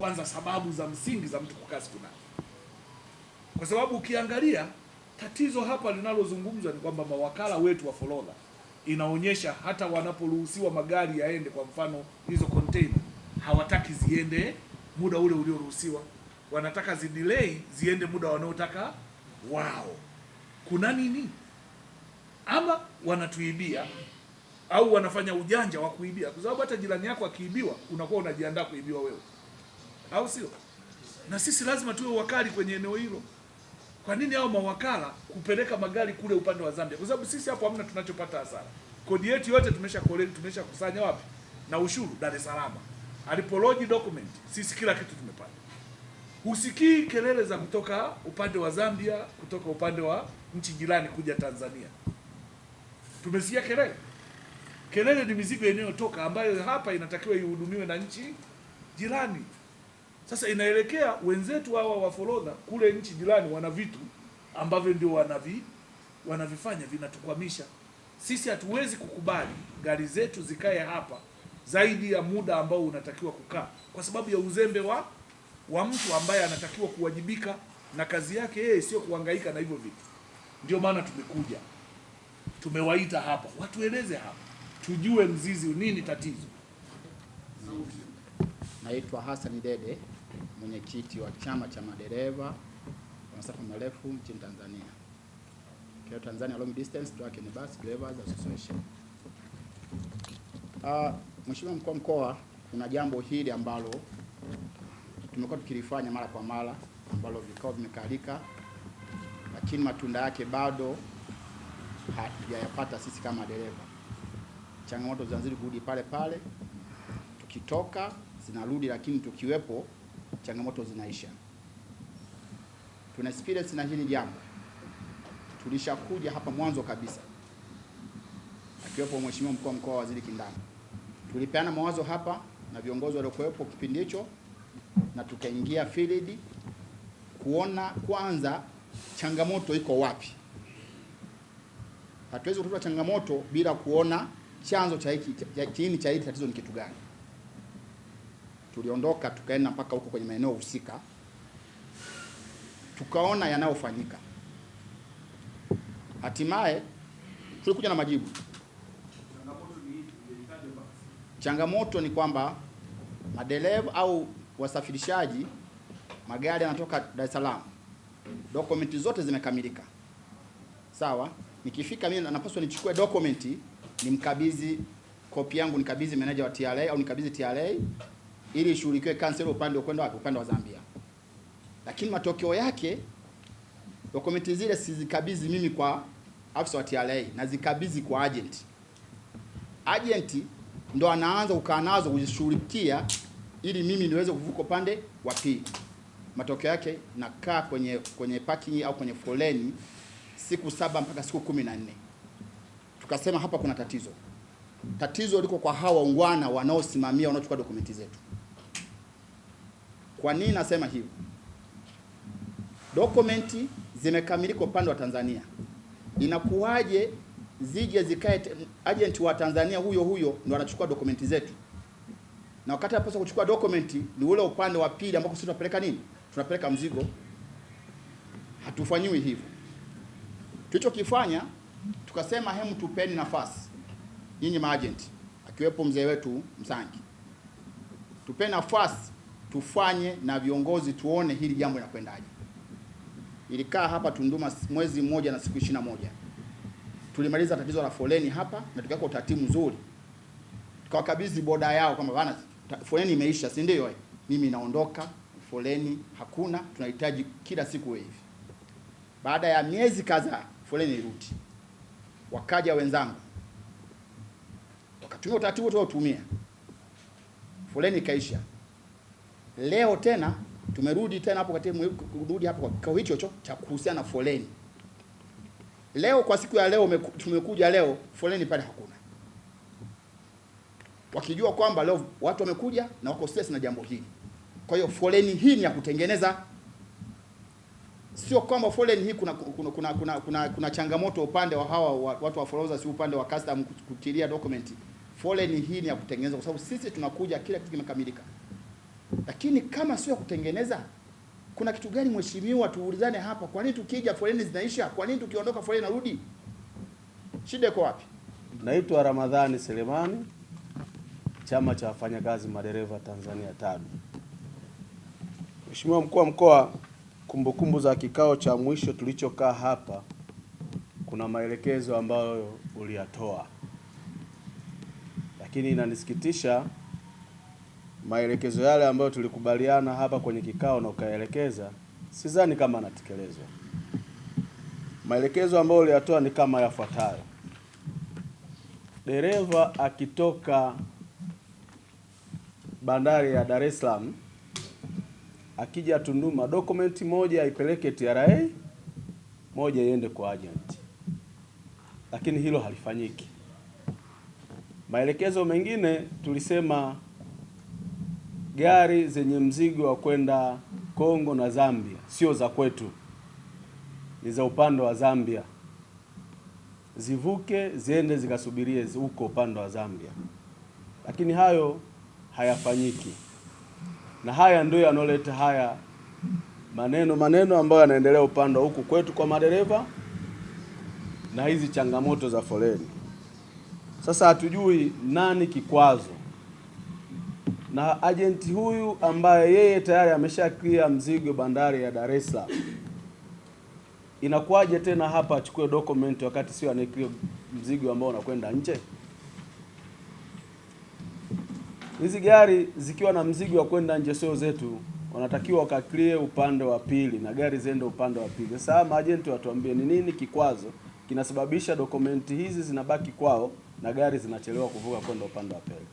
kwanza sababu za msingi za mtu kukaa siku nane, kwa sababu ukiangalia tatizo hapa linalozungumzwa ni kwamba mawakala wetu wa forodha inaonyesha hata wanaporuhusiwa magari yaende, kwa mfano hizo container hawataki ziende muda ule ulioruhusiwa, wanataka zidelay ziende muda wanaotaka wao. Kuna nini? Ama wanatuibia au wanafanya ujanja wa kuibia, kwa sababu hata jirani yako akiibiwa unakuwa unajiandaa kuibiwa wewe au sio? Na sisi lazima tuwe wakali kwenye eneo hilo. Kwa nini hao mawakala kupeleka magari kule upande wa Zambia? Kwa sababu sisi hapo hamna tunachopata hasara. Kodi yetu yote tumesha koleni, tumesha kusanya wapi? Na ushuru Dar es Salaam. Alipoloji document, sisi kila kitu tumepata. Husikii kelele za kutoka upande wa Zambia, kutoka upande wa nchi jirani kuja Tanzania. Tumesikia kelele. Kelele ni mizigo inayotoka ambayo hapa inatakiwa ihudumiwe na nchi jirani. Sasa inaelekea wenzetu hawa wa forodha kule nchi jirani wana vitu ambavyo ndio wanavi wanavifanya vinatukwamisha sisi. Hatuwezi kukubali gari zetu zikae hapa zaidi ya muda ambao unatakiwa kukaa kwa sababu ya uzembe wa wa mtu ambaye anatakiwa kuwajibika na kazi yake yeye, sio kuhangaika na hivyo vitu. Ndio maana tumekuja tumewaita hapa watueleze hapa, tujue mzizi nini tatizo. Naitwa Hassan Dede mwenyekiti wa chama cha madereva wa masafa marefu nchini Tanzania, kwa Tanzania Long Distance Truck and Bus Drivers Association. Uh, Mheshimiwa mkuu wa mkoa, kuna jambo hili ambalo tumekuwa tukilifanya mara kwa mara ambalo vikao vimekalika, lakini matunda yake bado hatujayapata sisi kama dereva. Changamoto zinazidi kurudi pale pale, tukitoka zinarudi, lakini tukiwepo changamoto zinaisha. Tuna experience na hili jambo, tulishakuja hapa mwanzo kabisa, akiwepo mheshimiwa mkuu wa mkoa Waziri Kindana, tulipeana mawazo hapa na viongozi waliokuwepo kipindi hicho, na tukaingia field kuona kwanza changamoto iko wapi. Hatuwezi kutatua changamoto bila kuona chanzo cha hiki, kiini cha hili tatizo ni kitu gani tuliondoka tukaenda mpaka huko kwenye maeneo husika, tukaona yanayofanyika. Hatimaye tulikuja na majibu. Changamoto ni kwamba madereva au wasafirishaji magari yanatoka Dar es Salaam, dokumenti zote zimekamilika, sawa. Nikifika mimi napaswa nichukue dokumenti, nimkabidhi kopi yangu, nikabidhi meneja wa TRA au nikabidhi TRA ili ishughulikiwe kansela upande ukwenda wapi? Upande wa Zambia. Lakini matokeo yake dokumenti zile sizikabidhi mimi kwa afisa wa TRA, nazikabidhi kwa agent. Agent ndo anaanza kukaa nazo kuzishughulikia ili mimi niweze kuvuka upande wa pili. Matokeo yake nakaa kwenye kwenye parking au kwenye foleni siku saba mpaka siku kumi na nne. Tukasema hapa kuna tatizo. Tatizo liko kwa hawa ungwana wanaosimamia wanaochukua dokumenti zetu. Kwa nini nasema hivyo? Dokumenti zimekamilika upande wa Tanzania, inakuwaje zije zikae agent wa Tanzania huyo huyo ndo anachukua dokumenti zetu, na wakati anapaswa kuchukua dokumenti ni ule upande wa pili ambako sisi tunapeleka nini, tunapeleka mzigo. Hatufanyiwi hivyo. Tulichokifanya, tukasema hemu, tupeni nafasi nyinyi maagent, akiwepo mzee wetu Msangi, tupeni nafasi tufanye na viongozi tuone hili jambo linakwendaje. Ilikaa hapa Tunduma mwezi mmoja na siku ishirini na moja tulimaliza tatizo la foleni hapa na tukaweka utaratibu mzuri, tukawakabidhi boda yao kwamba bana, foleni imeisha, si ndio? Eh? Mimi naondoka, foleni hakuna, tunahitaji kila siku hivi. Baada ya miezi kadhaa foleni irudi, wakaja wenzangu wakatumia utaratibu tuliotumia, foleni ikaisha. Leo tena tumerudi tena hapo katika kurudi hapo kwa kikao hicho cha kuhusiana na foleni. Leo kwa siku ya leo tumekuja leo, foleni pale hakuna, wakijua kwamba leo watu wamekuja na wako stress na jambo hili. Kwa hiyo foleni hii ni ya kutengeneza, sio kwamba foleni hii kuna kuna, kuna, kuna, kuna, kuna changamoto upande wa hawa watu wa followers, si upande wa custom kutilia document. Foleni hii ni ya kutengeneza, kwa sababu sisi tunakuja, kila kitu kimekamilika. Lakini kama sio kutengeneza, kuna kitu gani mheshimiwa? Tuulizane hapa, kwa nini tukija foleni zinaisha? Kwa nini tukiondoka foleni narudi? Shida iko wapi? Naitwa Ramadhani Selemani, chama cha wafanyakazi madereva Tanzania TADU. Mheshimiwa mkuu wa mkoa, kumbukumbu za kikao cha mwisho tulichokaa hapa, kuna maelekezo ambayo uliyatoa, lakini inanisikitisha maelekezo yale ambayo tulikubaliana hapa kwenye kikao na ukaelekeza, sidhani kama anatekelezwa. Maelekezo ambayo uliyatoa ni kama yafuatayo: dereva akitoka bandari ya Dar es Salaam akija Tunduma, dokumenti moja aipeleke TRA, moja iende kwa agent, lakini hilo halifanyiki. Maelekezo mengine tulisema gari zenye mzigo wa kwenda Kongo na Zambia sio za kwetu, ni za upande wa Zambia, zivuke ziende zikasubirie huko upande wa Zambia, lakini hayo hayafanyiki, na haya ndio yanoleta haya maneno maneno ambayo yanaendelea upande wa huku kwetu kwa madereva na hizi changamoto za foleni. Sasa hatujui nani kikwazo na ajenti huyu ambaye yeye tayari ameshakia mzigo bandari ya Dar es Salaam, inakuwaje tena hapa achukue document wakati sio anayeklia mzigo ambao unakwenda nje? Hizi gari zikiwa na mzigo wa kwenda nje sio zetu, wanatakiwa wakaklie upande wa pili na gari ziende upande wa pili. Sasa maajenti watuambie ni nini kikwazo kinasababisha dokumenti hizi zinabaki kwao na gari zinachelewa kuvuka kwenda upande wa pili.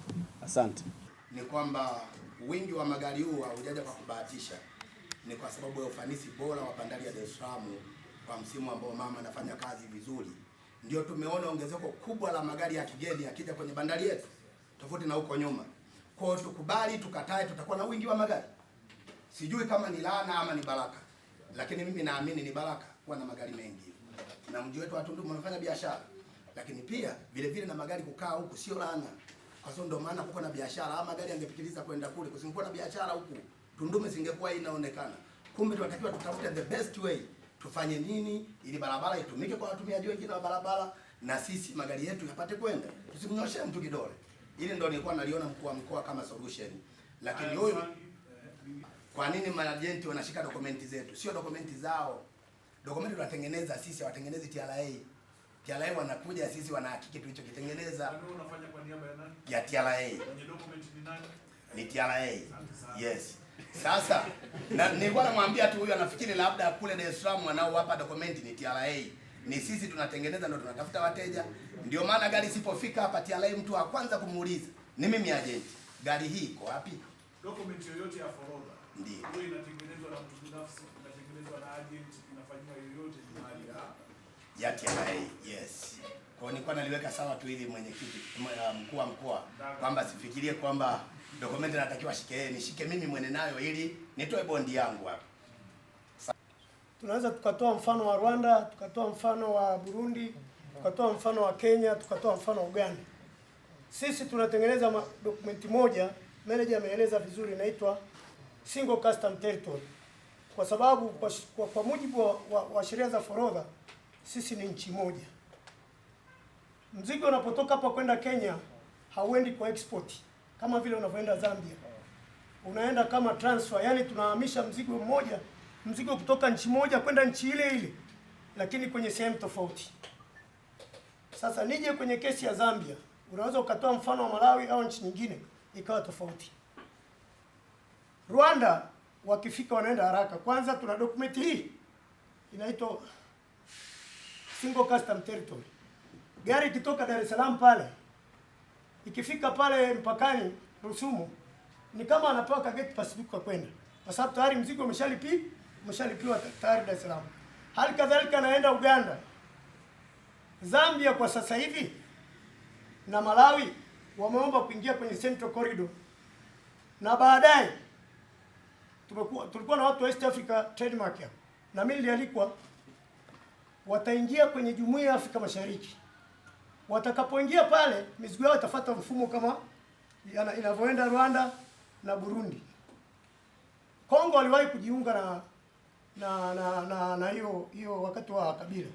Asante ni kwamba wingi wa magari huu haujaja kwa kubahatisha, ni kwa sababu ya ufanisi bora wa bandari ya Dar es Salaam kwa msimu ambao mama anafanya kazi vizuri, ndio tumeona ongezeko kubwa la magari ya kigeni yakija kwenye bandari yetu tofauti na huko nyuma. Kwa hiyo tukubali tukatae, tutakuwa na wingi wa magari. Sijui kama ni laana ama ni baraka, lakini mimi naamini ni baraka kuwa na magari mengi, na mji wetu wa Tunduma unafanya biashara, lakini pia vile vile na magari kukaa huku sio laana. Kwa sababu ndio maana kuko na biashara, ama gari angepitiliza kwenda kule, kusingekuwa na biashara huku Tundume zingekuwa inaonekana. Kumbe tunatakiwa tutafute the best way, tufanye nini ili barabara itumike kwa watumiaji wengine wa barabara na sisi magari yetu yapate kwenda, tusimnyoshe mtu kidole. Ili ndio nilikuwa naliona mkuu wa mkoa kama solution, lakini huyu eh, kwa nini maajenti wanashika dokumenti zetu? Sio dokumenti zao, dokumenti tunatengeneza sisi, hawatengenezi TRA. TRA wanakuja, sisi wanahakiki tulichokitengeneza. Unafanya kwa niaba ya nani? Ya TRA. Kwenye document ni nani? Ni TRA. Yes. Sasa na, nilikuwa namwambia tu huyu anafikiri labda kule Dar es Salaam wanao hapa document ni TRA. Ni sisi tunatengeneza, ndio tunatafuta wateja. Ndio maana gari sipofika hapa TRA, mtu wa kwanza kumuuliza ni mimi ajenti, gari hii iko wapi? Document yoyote ya forodha ndio inatengenezwa na mtu binafsi, inatengenezwa na agent, inafanywa yoyote ni mali ya TRA. Yes. Kwa hiyo nilikuwa naliweka sawa tu hivi mwenyekiti uh, mkuu wa mkoa kwamba sifikirie kwamba dokumenti natakiwa shike nishike mimi mwene nayo ili nitoe bondi yangu hapa. Tunaweza tukatoa mfano wa Rwanda, tukatoa mfano wa Burundi, tukatoa mfano wa Kenya, tukatoa mfano wa Uganda. Sisi tunatengeneza dokumenti moja, manager ameeleza vizuri, inaitwa Single Custom Territory, kwa sababu kwa, kwa, kwa mujibu wa, wa, wa sheria za forodha sisi ni nchi moja. Mzigo unapotoka hapa kwenda Kenya hauendi kwa export kama vile unavyoenda Zambia, unaenda kama transfer, yani tunahamisha mzigo mmoja, mzigo kutoka nchi moja kwenda nchi ile ile, lakini kwenye sehemu tofauti. Sasa nije kwenye kesi ya Zambia, unaweza ukatoa mfano wa Malawi au nchi nyingine ikawa tofauti. Rwanda wakifika wanaenda haraka. Kwanza tuna dokumenti hii inaitwa single custom territory. Gari ikitoka Dar es Salaam pale ikifika pale mpakani Rusumo ni kama anapaka gate pass kwa kwenda, kwa sababu tayari mzigo umeshalipi umeshalipiwa tayari Dar es Salaam. Hali kadhalika naenda Uganda, Zambia kwa sasa hivi na Malawi wameomba kuingia kwenye Central Corridor, na baadaye tulikuwa na watu wa East Africa Trademark ya na mimi nilialikwa wataingia kwenye Jumuiya ya Afrika Mashariki. Watakapoingia pale, mizigo yao itafuata mfumo kama inavyoenda Rwanda na Burundi. Kongo aliwahi kujiunga na na na na na hiyo hiyo wakati wa Kabila,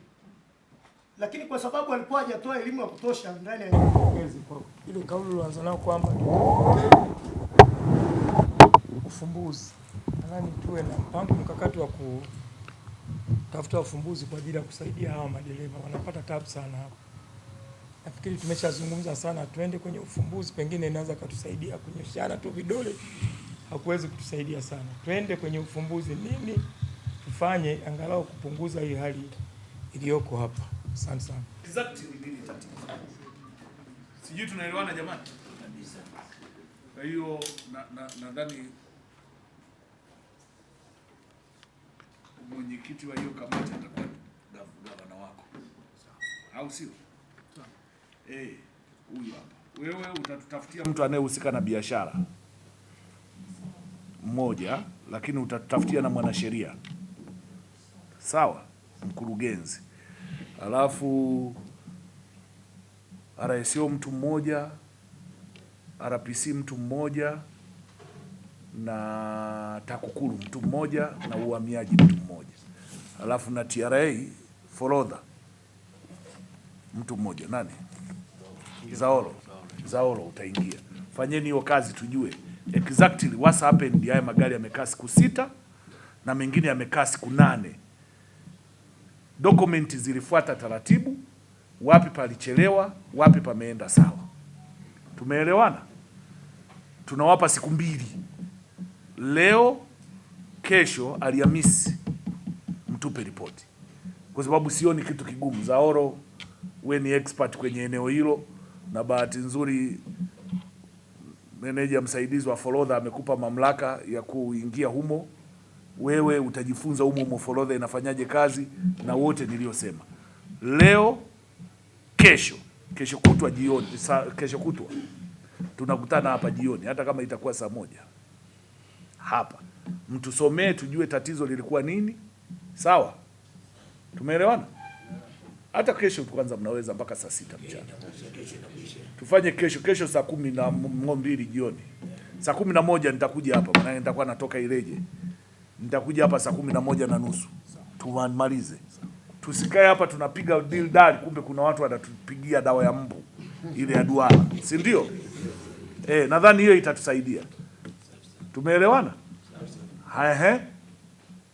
lakini kwa sababu alikuwa hajatoa elimu ya kutosha ndani ya ile kauli ulianza nao kwamba ufumbuzi, nadhani tuwe na mpango mkakati wa ku tafuta ufumbuzi kwa ajili ya kusaidia hawa madereva wanapata tabu sana hapa. Nafikiri tumeshazungumza sana, tuende kwenye ufumbuzi, pengine inaweza katusaidia. Kunyoshana tu vidole hakuwezi kutusaidia sana, twende kwenye ufumbuzi, nini tufanye angalau kupunguza hii hali iliyoko hapa. Asante sana. Exactly, sijui tunaelewana jamani. Kwa hiyo nadhani na, na, mwenyekiti wa hiyo kamati atakuwa gavana wako, au sio? Eh, huyu hapa. Wewe utatutafutia mtu anayehusika na biashara mmoja, lakini utatutafutia na mwanasheria sawa, mkurugenzi, alafu RSO mtu mmoja, RPC mtu mmoja na TAKUKURU mtu mmoja na uhamiaji mtu mmoja alafu na TRA forodha mtu mmoja nani Zaolo Zaolo, utaingia. Fanyeni hiyo kazi tujue exactly what's happened. Haya magari yamekaa siku sita na mengine yamekaa siku nane. Dokumenti zilifuata taratibu, wapi palichelewa, wapi pameenda sawa. Tumeelewana, tunawapa siku mbili, leo, kesho, Alhamisi mtupe ripoti, kwa sababu sioni kitu kigumu. Zaoro, we ni expert kwenye eneo hilo, na bahati nzuri meneja msaidizi wa forodha amekupa mamlaka ya kuingia humo. Wewe utajifunza humo humo forodha inafanyaje kazi na wote niliyosema leo. Kesho kesho kutwa jioni, kesho kutwa tunakutana hapa jioni, hata kama itakuwa saa moja hapa, mtusomee tujue tatizo lilikuwa nini. Sawa, tumeelewana. Hata kesho kwanza, mnaweza mpaka saa sita mchana tufanye kesho, kesho saa kumi na mbili jioni, saa kumi na moja nitakuja hapa, maana nitakuwa natoka Ileje, nitakuja hapa saa kumi na moja na nusu tumalize. Tusikae hapa tunapiga deal dali, kumbe kuna watu wanatupigia dawa ya mbu ile ya duara, si ndio? Eh, nadhani hiyo itatusaidia. Tumeelewana? Ehe.